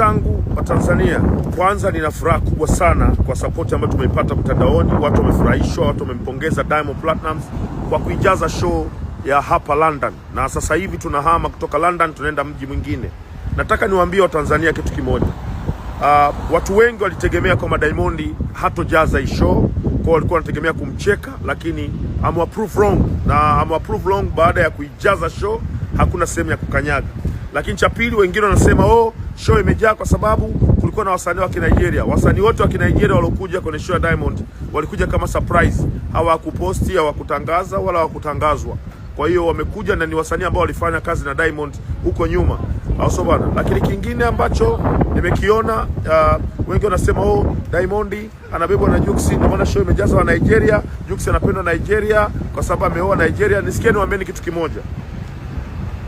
zangu wa Tanzania, kwanza nina furaha kubwa sana kwa sapoti ambayo tumeipata mtandaoni. Watu wamefurahishwa, watu wamempongeza Diamond Platnumz kwa kuijaza show ya hapa London, na sasa hivi tunahama kutoka London tunaenda mji mwingine. Nataka niwaambie Watanzania kitu kimoja. Uh, watu wengi walitegemea kwamba Diamond hatojaza hii show, kwa walikuwa wanategemea kumcheka, lakini amwa wrong, na amwa wrong baada ya kuijaza show, hakuna sehemu ya kukanyaga. Lakini cha pili, wengine wanasema oh, show imejaa kwa sababu kulikuwa na wasanii wa Kinigeria. Wasanii wote wa Kinigeria waliokuja kwenye show ya Diamond walikuja kama surprise, hawakuposti, hawakutangaza wala hawakutangazwa. Kwa hiyo wamekuja na ni wasanii ambao walifanya kazi na Diamond huko nyuma, au bwana? Lakini kingine ambacho nimekiona uh, wengi wanasema oh, Diamond anabebwa na Jux, ndio maana show imejaza wa Nigeria. Jux anapendwa Nigeria kwa sababu ameoa Nigeria. Nisikieni, waambieni kitu kimoja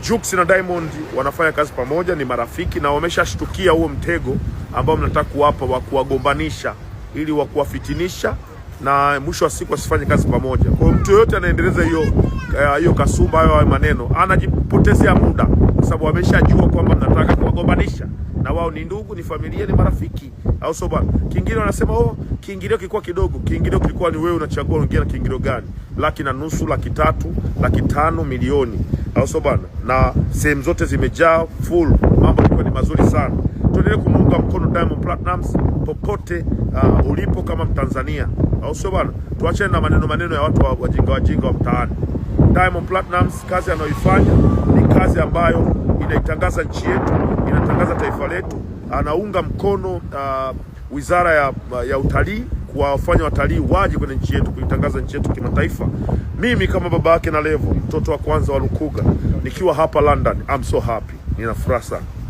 Jux na Diamond wanafanya kazi pamoja, ni marafiki na wameshashtukia huo mtego ambao mnataka kuwapa wa kuwagombanisha ili wa kuwafitinisha na mwisho wa siku wasifanye kazi pamoja. Kwa mtu yoyote anaendeleza hiyo eh, hiyo kasumba hayo hayo maneno anajipotezea muda, kwa sababu wameshajua kwamba mnataka kuwagombanisha, na wao ni ndugu, ni familia, ni marafiki, au sio bwana? Kiingilio wanasema oh, kiingilio kilikuwa kidogo. Kiingilio kilikuwa ni wewe unachagua unaingia na kiingilio gani, laki na nusu, laki tatu, laki tano, milioni au sio bwana? Na sehemu zote zimejaa full, mambo yalikuwa ni mazuri sana. Tuendelee kumuunga mkono Diamond Platnumz popote uh, ulipo kama Mtanzania, au sio bwana? Tuachane na maneno maneno ya watu wajinga wajinga wa mtaani. Diamond Platnumz kazi anayoifanya ni kazi ambayo inaitangaza nchi yetu, inatangaza taifa letu, anaunga mkono uh, wizara ya, ya utalii kuwafanya watalii waje kwenye nchi yetu kuitangaza nchi yetu kimataifa. Mimi kama baba yake na Levo, mtoto wa kwanza wa Lukuga, nikiwa hapa London, I'm so happy, nina furaha sana.